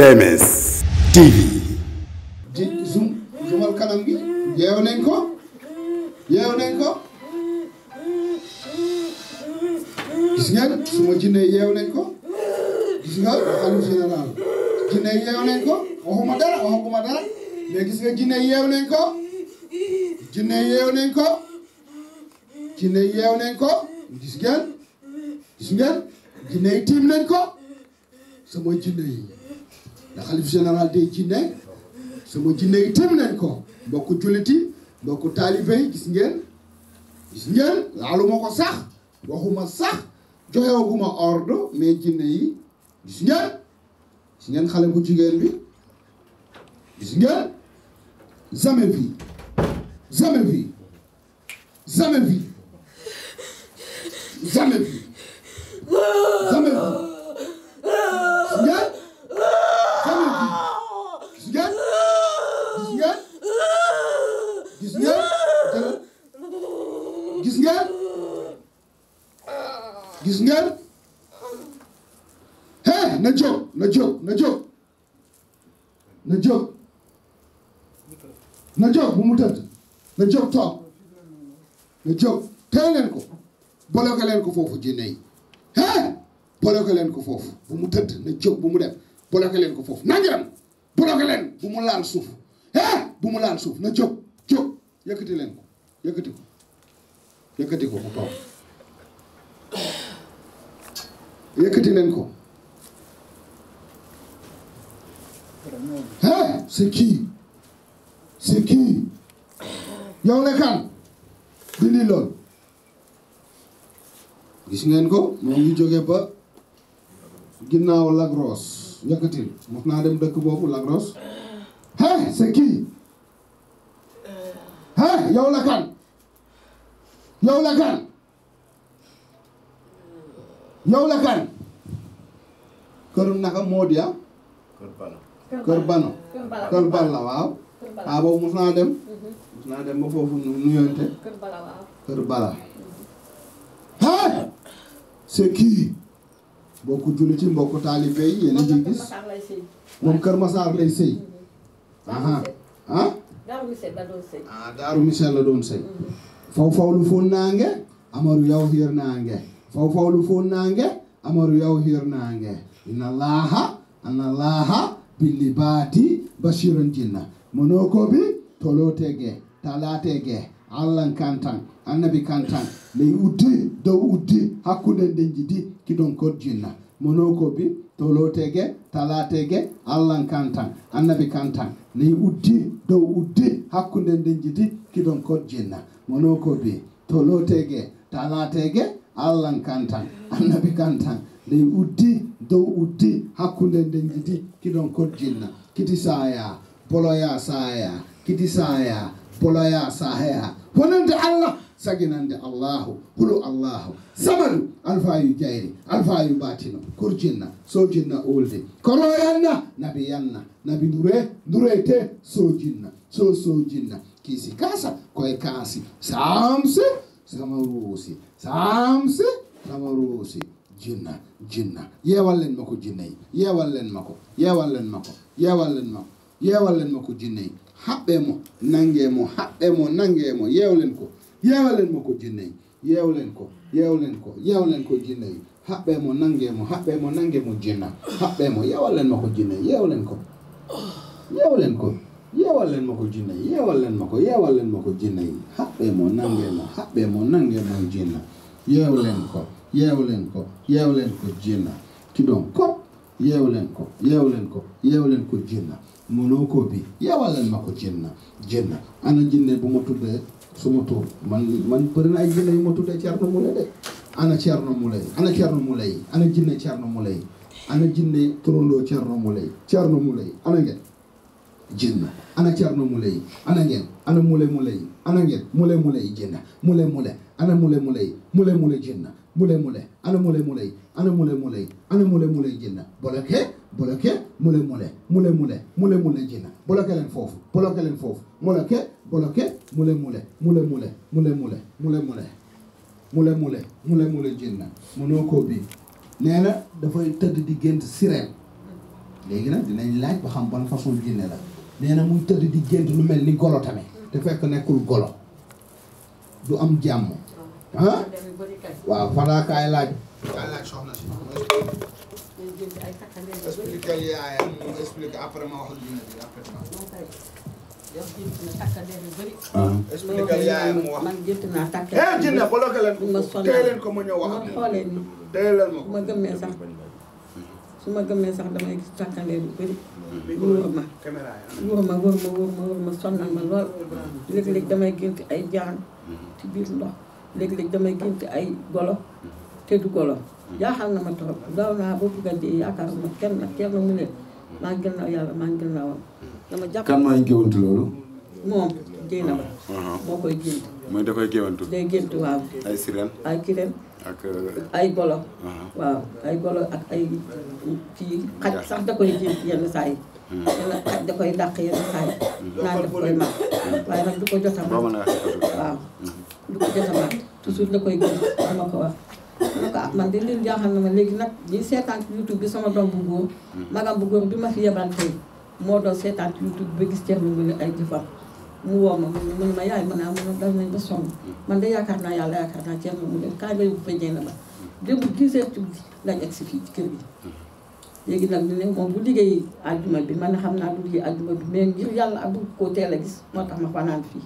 TMS TV. di zoom kanam gi yeewu nañ ko yeewu nañ ko gis ngeen suma jinne yeewu nañ ko gis nga xalu général jinne yeewu nañ ko waxuma dara waxuma dara mais gis nga jinne yeewu nañ ko jinne yeewu gis ngeen gis ngeen jinne tiim nañ ko sama jinne ndax xalif général day jinne sama jinne yi tëm ko mbokku julliti mbokku taalibe yi gis ngeen gis ngeen laalu ma ko sax waxuma sax joxewaguma ordre mais jinne yi gis ngeen gis ngeen xale bu jigéen bi gis ngeen jamais vu jamais vu jamais vu jamais vu gis ngeen eh na jóg na jóg na jóg na jóg na bu mu tëdd na jóg toog na jóg ko bloqué ko foofu jinne yi eh bloqué leen ko foofu bu mu tëdd na jóg bu mu def bloqué leen ko foofu nangiram bloqué leen bu mu laal suuf eh bu mu laal suuf na jóg jóg yëkkati leen ko yëkkati ko yëkkati ko mu toog yëkkati leen ko ah c'est qui c'est qui yow la kan bindi lool gis ngeen ko moo ngi jóge ba ginnaaw Lagros yëkkatil mos naa dem dëkk boobu Lagros ah c'est qui ah yow la kan yow la kan yow la kan kër naka Modia. Ah? kër Bala kër Bano. kër Bala waaw. ah boobu mos naa dem. Mhm. mos naa dem ba foofu nuyonte. kër kër Bala. ah c'est mbokku jullit yi mbokku taalibe yi yéen a ngi moom Kër Massar lay sëy. ah ah. Daaru Michel la doon sëy. faw faw lu foon naa nge amaru yow hiir naa faw fawlu fof nangue amaru yawhir nangue ina laaha ana laaha billi baati basiron jinna mono koɓe tolote gue talate gue allah kantan annabi kantan ley uddi dow uddi hakkude nden jidi kiɗon kod jinna mono koɓe allahn kan tan annabi kan uddi dow uddi hakkunde nden jidi kiɗon kojjinna kiti saya boloya saya kiti saya boloya saya wonande allah saginande allahu hulu allahu samalu alfayu jayri alfayu batino kurjinna sojinna olde kono nabi yanna nabi ndure ndurete sojinna so sojinna kiisi kaasa koye kaasi samse samaruusi saamsi samaruusi jinna jinna yeewal leen ma ko jinne yi yeewal leen ma ko yeewal leen ma ko yeewal leen ma ko yeewal leen ma ko jinne yi haɓɓe mo nangee mo haɓɓe mo nangee mo yeewleen ko yeewleen ma ko jinne yi yeewleen ko yeewleen ko yeewleen ko jinne yi haɓɓe mo nangee mo haɓɓe mo nangee mo jinna haɓɓe mo yeewalleen ma ko jinne yi yeewleen ko yeewleen ko yeewal leen ma ko jinne yi yeewal leen ma ko yeewal leen ko jinne yi xàppee moo nangee ma xàppee moo nangee mooy jinne yeew leen ko yeew leen ko yeew leen ko jinne ki doon kot leen ko yeew leen ko yeew leen ko jinne mënoo ko bi yeewal leen ma ko jinne jinne ana jinne bu ma tuddee suma tur man man bëri na ay jinne yu ma tuddee Thierno Moule de ana Thierno Moule ana Thierno Moule ana jinne Thierno Moule ana jinne turandoo Thierno Moule Thierno Moule ana ngeen jën na ana Thierno Moulé ana ngeen ana Moulé Moulé ana ngeen Moulé Moulé jën na Moulé Moulé ana Moulé Moulé Moulé Moulé jën na Moulé Moulé ana Moulé Moulé ana Moulé Moulé ana Moulé Moulé jën na boloke boloke Moulé Moulé Moulé Moulé Moulé Moulé jën na boloke leen foofu boloke leen foofu boloke boloke Moulé Moulé Moulé Moulé Moulé Moulé Moulé Moulé Moulé Moulé Moulé Moulé jën na mënoo koo bi nee na dafay tëdd di gént sirène léegi nag dinañ laaj ba xam ban façon jinne la nee na muy tëdd di gént lu mel ni golo tamit te fekk nekkul golo du am jàmm ah, ah. waaw Fada kaay laaj kaay laaj ma ko ma ñëw wax tey leen ma ko gëmmee sax su ma gëmmee sax damay gis càkkandeer bu bëri. wóor ma wóor ma wóor ma wóor ma wóor ma lool. léeg-léeg damay gént ay jaan. Mhm. ci biir ndox léeg-léeg damay gént ay golo mhm. te du golo. Mhm. jaaxal na ma trop daw naa ba bugg dee yaakaar ma kenn kenn mu ne maa gën a yàlla maa ngi gën a woon. dama jàpp kan maa ngi gëwantu loolu. moom. jéy na ba uh-huh. moo koy gént mooy da koy géwantu day gént waaw ay sirène ay kirène ak ay golo uh-huh. waaw ay golo ak ay kii xaj sax da koy gént yenn saa yi hmm. yenn da koy dàq yenn saa yi hmm. naan daf koy màtt waaye nag du ko jot a màtt waaw hmm. du ko jot a màtt da koy gént dama ko wax man de leen jaaxal na ma léegi nag ñi seetaan youtube bi sama doom bu góor magam bu góor bi ma fi yebal moo doon seetaan youtube ba gis ceerno mu ay jëfam mu woo ma mun ma yaay mën a mun dal nañ ba sonn man de yaakaar naa yàlla yaakaar naa ceeb mu dem kaay nga yóbbu fa jënd ba démb 10 heures ci guddi lañ egg si fii ci kër gi léegi nag ñu ne moom bu liggéey àjjuma bi man xam naa du liggéey àjjuma bi mais ngir yàlla ak bu ko teel a gis moo tax ma fanaan fii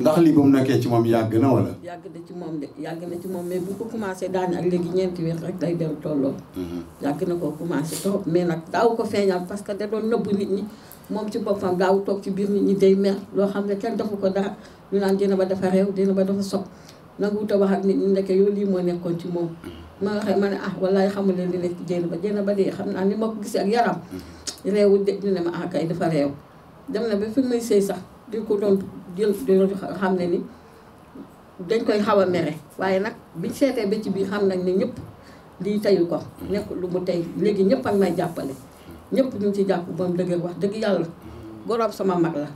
ndax lii ba mu nekkee ci moom yàgg na wala. yàgg na ci moom de yàgg na ci moom mais bu ko commencé daane ak léegi ñeenti weer rek lay dem tolloo. Mhm. yàgg na ko commencé trop mais nag daaw ko feeñal parce que da doon nit moom ci boppam daaw toog ci biir nit ñi day mer loo xam ne kenn defu ko dara ñu naan dina ba dafa réew dina ba dafa sob nanguwut a wax ak nit ñi ndekkee yow lii moo nekkoon ci moom. ma waxee ma ne ah wallaay xamul leen li nekk ci jéem ba jéem ba dee xam naa ni ma ko mhm. de ñu ne ma ah kay dafa réew dem na ba fi muy sëy sax di ko doon jël di xam ne ni dañ koy xaw a mere waaye nag biñ seetee ba ci biir xam nañ ne ñëpp lii teyu ko nekk lu mu tey léegi ñëpp ak may jàppale ñëpp ñu ngi ci jàpp ba mu dëgër wax dëgg yàlla gorob sama mag la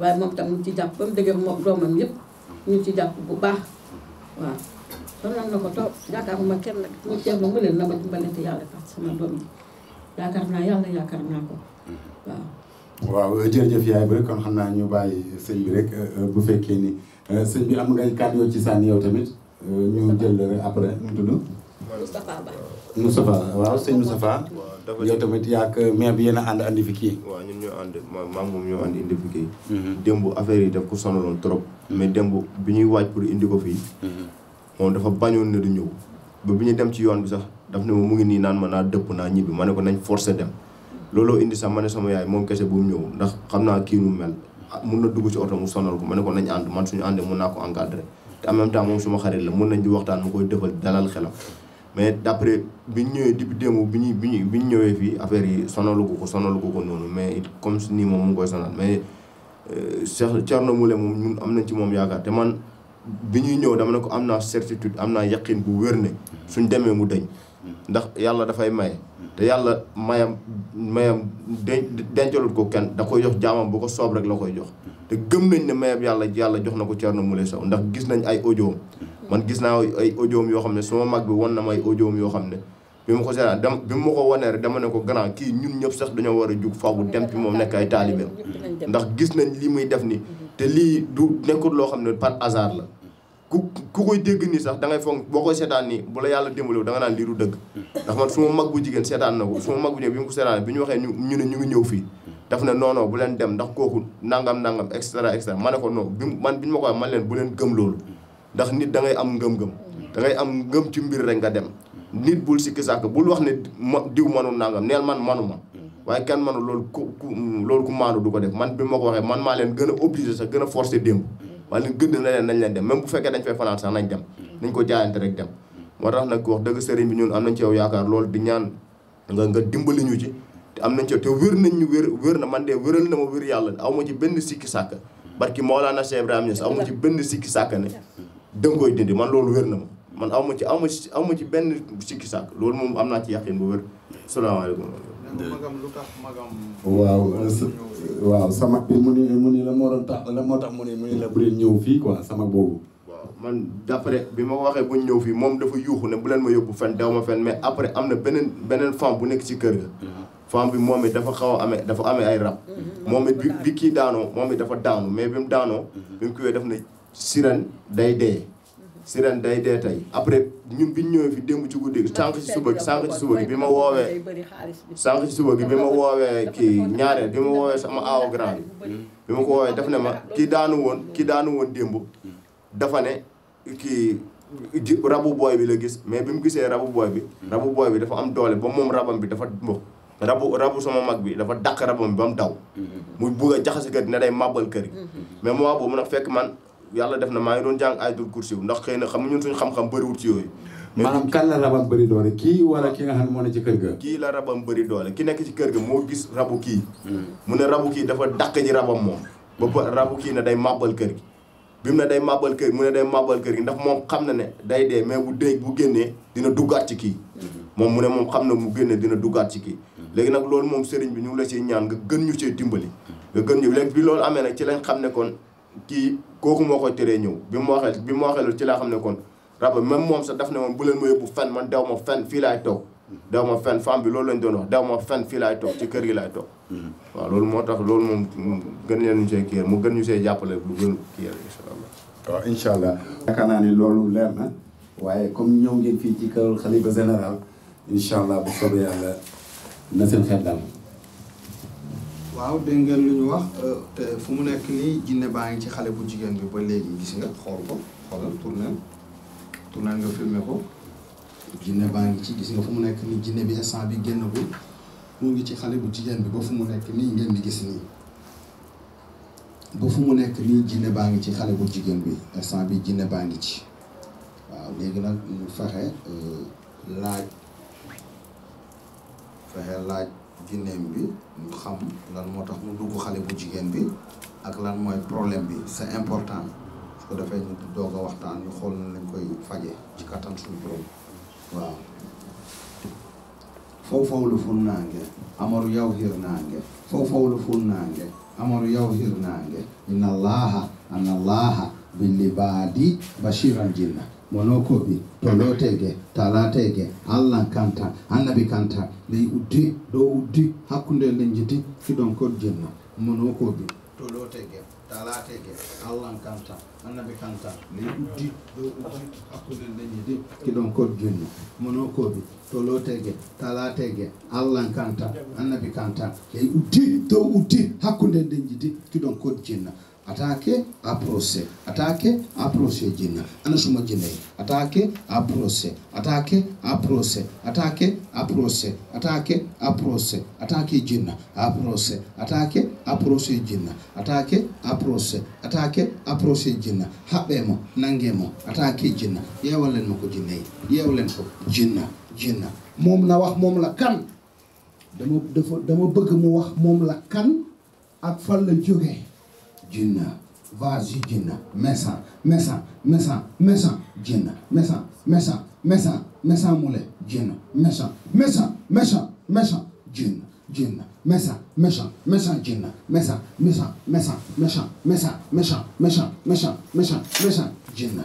waaye moom tam mu ngi ci jàpp ba mu dëgër moom doomam yëpp ñu ngi ci jàpp bu baax waaw doon na ko toog yaakaaruma kenn nag mu ceeb la mu leen na ma dimbalante yàlla tax sama doom yi yaakaar naa yàlla yaakaar naa ko mm-hmm. waaw waaw euh, jërëjëf yaay rek kon xam naa ñu bàyyi sëñ bi rek euh, euh, bu fekkee ni sëñ bi am nga kàddu yoo ci sànni yow tamit ñu jël après mu tudd. Moustapha Ba. Moustapha waaw sëñ Moustapha. dafa yow tamit yaak maire bi yéen a ànd andi fi waaw ñun ñoo ànd maam moom ñoo ànd indi fi kii. Mm-hmm. démb affaire yi daf ko sonaloon trop. Mm-hmm. mais démb bi ñuy waaj pour indi ko fii. Mm-hmm. moom dafa bañoon ne du ñëw. ba bi ñu dem ci yoon bi sax daf ne ma mu ngi nii naan ma naa dëpp naa ñibbi ma ne ko nañ forcer dem. looloo indi sax ma ne sama yaay moom kese bu mu ñëw ndax xam naa kii nu mel ah, mun na dugg ci oto mu sonal ko ma ne ko nañ ànd man suñu àndee mun ko encadré te en même moom suma xarit la mun nañ di waxtaan mu koy defal dalal xelam mais d'après bi ñu ñëwee depuis démb bi ñu bi ñu bi ñu ñëwee fii affaire yi sonalu ko ko sonalu ko ko noonu mais comme nii moom mu ngi koy sonal mais euh, Cheikh Thierno Moule moom ñun am nañ ci moom yaakaar te man bi ñuy ñëw dama ne ko am naa certitude am naa yaqin bu wér ne suñ demee mu deñ ndax yàlla dafay may te yàlla mayam mayam dencalut ko kenn da koy jox jaamam bu ko soob rek la koy jox te gëm nañ ne mayam yàlla yàlla jox na ko na mu Moule Sow ndax gis nañ ay audio man gis naa ay audio yoo xam ne suma mag bi won na ma ay audio yoo xam ne bi ma ko seetaan dem bi ma ko wanee rek dama ne ko grand kii ñun ñëpp sax dañoo war a jug faagu dem fi moom nekk ay taalibeem ndax gis nañ li muy def nii te lii du nekkul loo xam ne pan hasard la ku ku koy dégg nii sax dangay ngay foog boo koy seetaan nii bu la yàlla dimbaliwul da nga naan lii du dëgg ndax man su ma mag bu jigéen seetaan na ko su ma mag bu jigéen bi mu ko seetaan bi ñu waxee ñu ne ñu ngi ñëw fii daf ne non non bu leen dem ndax kooku nangam nangam et cetera et ma ne ko non bi man bi ñu ma ko man leen bu leen gëm loolu ndax nit dangay am ngëm-ngëm dangay am ngëm ci mbir rek nga dem nit bul sikki sàkk bul wax ne ma diw manul nangam neel man manu ma waaye kenn manu loolu ku ku loolu ku maanu du ko def man bi ma ko waxee man maa leen gën a obligé sax gën a forcé démb wala li na leen nañ leen dem même bu fekkee dañ fay fanaan sax nañ dem nañ ko jaayante rek dem moo tax nag wax dëgg sëriñ bi ñun am nañ ci yow yaakaar loolu di ñaan nga nga dimbali ñu ci te am nañ ci te wér nañ ñu wér wér na man de wéral na ma wér yàlla aw ma ci benn sikki sàkk barki Maolana Cheikh Ibrahima Niass aw ma ci benn sikki sàkk ne danga koy dindi man loolu wér na ma man aw ma ci am ma ci benn sikki sàkk loolu moom am naa ci yàqin bu wér salaamaaleykum waaw waaw sama bi mu ni mu ni la moo tax la moo tax mu ni mu la bu leen ñëw fii quoi sama boobu waaw man d'après bi ma waxee bu ñëw fii moom dafa yuuxu ne bu leen ma yóbbu fenn dew ma fen mais après am na beneen beneen femme bu nekk ci kër ga ah. femme bi moom dafa xaw a amee dafa amee ay rab mhm. Mhm. moom bi bi kii daanoo moom dafa daanu mais bi mu daanoo mhm. bi mu kiiwee daf ne sirène day dee sirène day dee tey après ñun bi ñu ñëwee fi démb ci guddi sànq ci suba gi sànq ci suba bi ma woowee sànq ci suba gi bi ma woowee kii ñaareel bi ma woowee sama aaw grand bi bi ma ko woowee daf ne ma kii daanu woon kii daanu woon démb dafa ne kii rabu booy bi la gis mais bi mu gisee rabu booy bi rabu booy bi dafa am doole ba moom rabam bi dafa mbo rabu rabu sama mag bi dafa dàq rabam bi bam mu daw mu bugg a jaxase kër ne day màbbal kër gi mm-hmm. mais moment boobu nag fekk man yàlla def na maa ngi doon jàng ayatul kursi ndax xëy na xam ñun suñu xam-xam bëriwul ci yooyu maanaam kan la rabam bëri doole kii wala ki nga xam ne moo ne ci kër ga kii la rabam bëri doole ki nekk ci kër ga moo gis rabu kii hmm. mu ne rabu kii dafa dàq ji rabam moom ba rabu kii ne day màbbal kër gi bi mu ne day màbbal kër gi mu ne day kër gi ndax moom xam na ne day dee mais bu dee bu génnee dina duggaat ci kii hmm. moom mu ne moom xam na mu génnee dina duggaat ci kii hmm. léegi nag loolu moom sëriñ bi ñu la ciy ñaan nga gën ñu cee dimbali nga gën ñu léegi bi loolu amee nag ci lañ xam ne kon kii kooku moo koy teree ñëw bi mu waxee bi mu waxee loolu ci laa xam ne kon raba même moom sax def ne woon bu leen ma yóbbu fenn man daw ma fenn fii laay toog daw ma fenn femme bi loolu lañ doon wax ma fenn fii laay toog ci kër gi laay toog mm-hmm. waaw loolu moo tax loolu moom gën leen ñu see mu gën ñu see jàppale lu gën kii incha allah yaakaar naa ni loolu leer na waaye comme ñëw ngeen fii ci kër xalifa général incha allah bu soobee yàlla na seen xel daal waaw dégg ngeen lu ñu wax euh, te fu mu nekk nii jinne baa ngi ci xale bu jigéen bi ba léegi gis nga xool ko xoolal tournel tournel nga filmer ko jinne baa ngi ci gis nga fu mu nekk nii jinne bi instant bi génn bu mu ngi ci xale bu jigéen bi ba mu nekk nii ngeen di gis nii ba nekk nii jinne baa ngi ci xale bu jigéen bi instant bi jinne baa ngi ci waaw léegi nag ñu fexe euh, laaj fexe laaj jinneem bi ñu xam lan moo tax mu dugg xale bu jigéen bi ak lan mooy problème bi c'est important parce ko defee ñu doog a waxtaan ñu xool na lañ koy faje ci kattan suñu borom waaw fow fawlu funnaange amaru yaw hirnaange fow fawlu funnaange amaru yaw hirnaange inna allaha jinna wono koɓi tolotegue talategue allah kanta annabi kanta ley uddi ɗo uddi hakkude nden jiti fiɗon kod jinna mono koɓi tolotegue talategue allah kanta annabi kanta ley uddi ɗo uddi hakkude nden jiti kiɗon kod jinna jinna attaqué à procès attaqué à procès jinne suma jinne yi attaqué à procès attaqué à procès attaqué à procès attaqué à procès attaqué jinne à procès attaqué à procès jinne attaqué à procès attaqué à procès jinne nangee mo attaqué jinne yeewal leen ma ko jinne yi yeew leen ko jinne jinne moom na wax moom la kan dama dafa dama bëgg mu wax moom la kan ak fan la jóge junna vas-y junna mesan mesan mesan mesan junna mesan mesan mesan mesan mule junna mesan mesan mesan mesan junna junna mesan mesan mesan junna mesan mesan mesan mesan mesan mesan mesan mesan mesan junna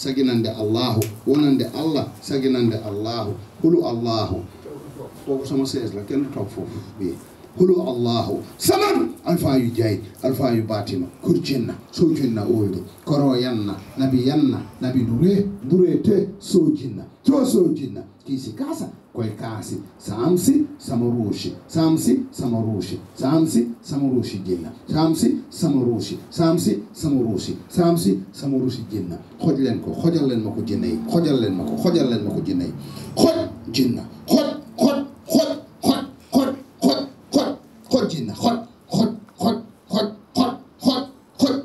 saginande allahu wonande allah saginande allahu allahu la kenn du toog foofu bii hulu allahu saman alfayu jayd alfayu batino kurcinna sojinna oyɗo koro nabi yanna nabi ndure ndurete sojinna to sojinna kiisi kasa koykaasi saamsi samaruushi saamsi samaruushi saamsi samaruushi jinna saamsi samaruushi saamsi samaruushi saamsi samaruushi jinna xoj leen ko xojal leen ma ko jinna yi xojal leen ma ko xojal leen ma ko jinna yi xoj jinna xoj xoj xoj xoj xoj xoj xoj xoj jinna xoj xoj xoj xoj xoj xoj xoj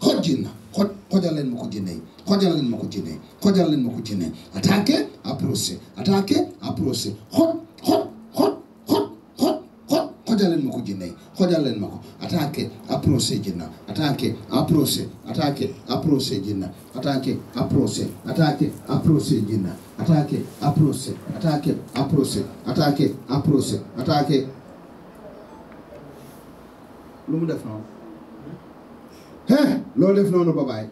xoj xoj jinna xoj xojal leen ma ko jinna yi xojal leen ma ko jinna yi xojal leen ma ko jinna yi attaque approché attaqué approché xot xot xot xot xot xot xojaleen ma ko jinne yi xojaleen ma ko attaqué approché jinna attaqué approché attaqué approché jinna attaqué approché attaqué approché jinna attaqué approché attaqué approché attaqué approché attaqué lu mu def noonu hé loolu def noonu ba bàyyi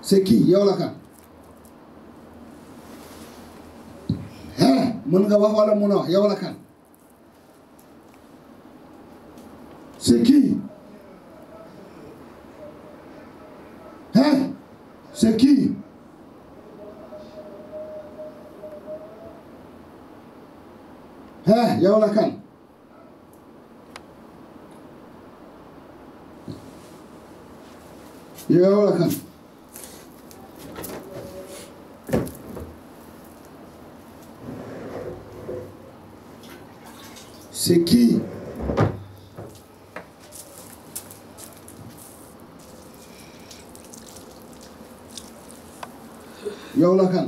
c'est qui yow la kan mën nga wax wala munoo wax yow la kan c'est qui hein c'est qui hein yow Tavlakan.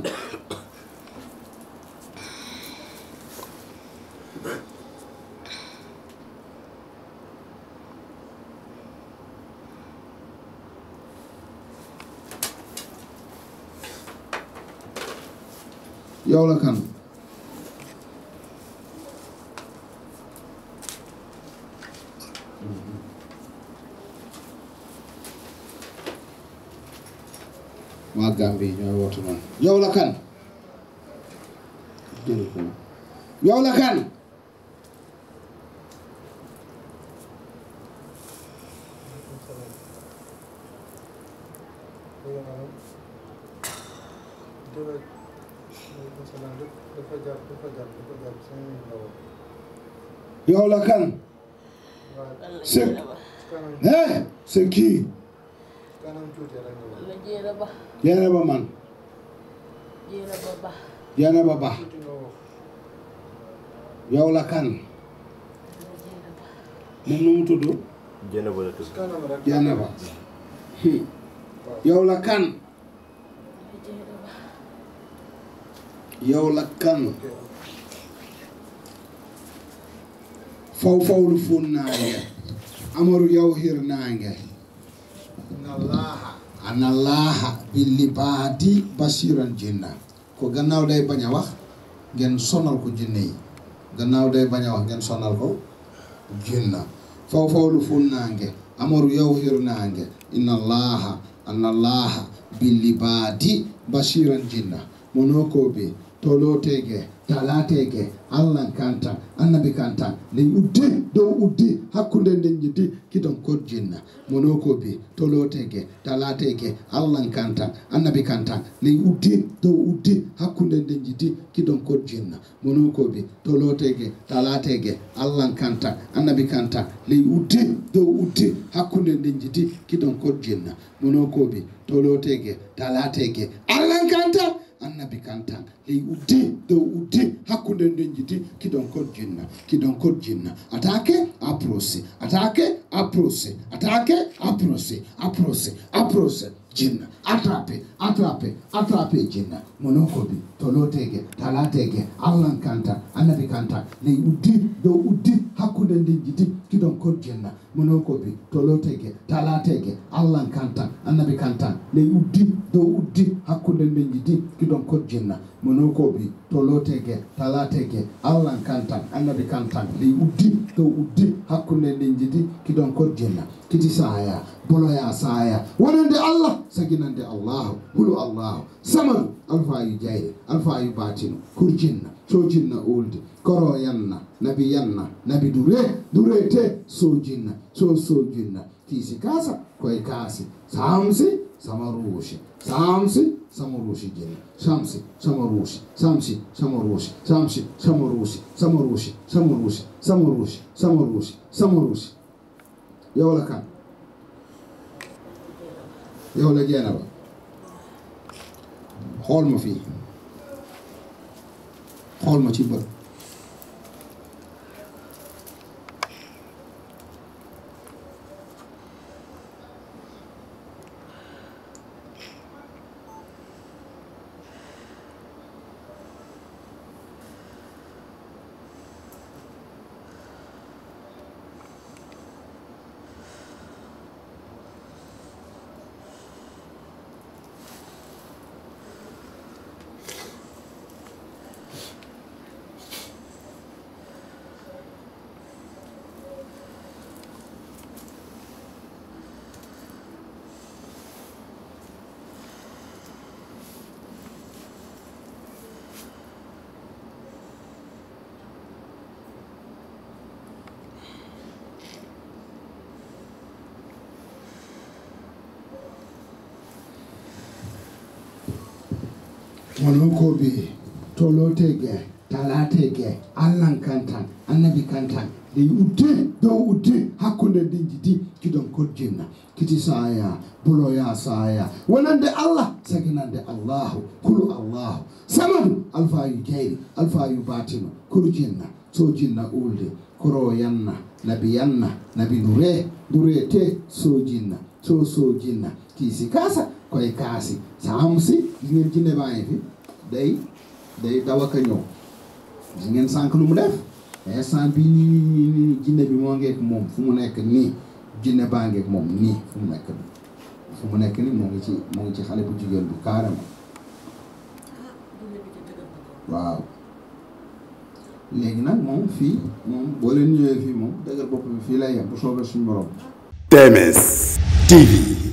Yavlakan. Gambie ñooy wootu noonu yow la kan yow la Dieynaba man. Dieynaba Ba. yow la kan. moom nu mu tudd. Dieynaba la la kan. yow la kan. faw faw lu fun naa nge. amaru yow xiir naa nge. analaaha billi baati basiran jinna ko gannaaw day bañ a wax ngeen sonal ko jinne yi gannaaw day bañ a wax ngeen sonal ko jinna fawfawlu funnaange amaru yawhirnaange inallaaha analaaha billi baati basiran jinna mono ko be tolotege ta laateke allah kantan annabi kantan nden uddi dow uddi hakkunde nden jiddi kidon korjinna mono ko bi to looteke ta laateke allah kantan annabi kantan nden uddi dow uddi hakkunde nden jiddi kidon korjinna mono ko bi to looteke ta laateke allah kantan annabi kantan nden uddi dow uddi hakkunde nden jiddi kidon korjinna mono ko bi to looteke ta laateke allah kantan annabi kantanga hey udde dow udde hakkunde nden jiti kidon kod jinna kidon kod jinna atake aprose atake aprose atake aprose aprose aprose jinna attrape attrape attrape jinna monokobi tolotege talatege allan kanta annabi kanta ley uddi dow uddi hakkunde nden jiti kidon kod jinna mënoo ko bi tolo tege tala tege allan kantan annabi kantan le uddi dow uddi hakkunde nden jidi kiɗon kojjinna mënoo ko bi tolo tege tala tege allan kantan annabi kantan le uddi dow uddi hakkunde nden jidi kiɗon kojjinna kiti saya boloya saya wonande allah allahu hulu allahu samaru alfayu jayre alfayu batinu kurjinna coojinna oolde koro yanna nabi yanna nabi dure durete soojinna so soojinna tiisi kaasa koye kaasi saamsi sama ruusi saamsi sama ruusi jinna sama ruusi samsi sama ruusi samsi sama ruusi sama ruusi sama ruusi sama kan yowla jeenaba xool ma fii xool ma ci bët wono ko ɓe tolote ge talate ge allan kantan annabi kantan ɗi udde dow udde hakkunde ɗinji di kiɗon kojjinna kiti saya buloya saya wonande allah saginande allahu kulu allahu samadu alfayu jeyri alfayu batino kurjinna sojinna ulde koroyanna nabi yanna nabi nure nure te sojinna so kiisi kasa koy kaasi sa am si gis ngeen jinne baa ngi fi day day daw ak a ñëw ngeen sànq lu mu def instant bi nii nii nii bi moo ngeek moom fu mu nekk nii jinne baa ngeek moom nii fu mu nekk nii nekk nii moo ngi ci moo ngi ci xale bu jigéen bu carrément waaw léegi nag moom fii moom boo leen ñëwee fii moom dëgër bopp bi fii lay yem bu soobee suñu borom. TMS TV.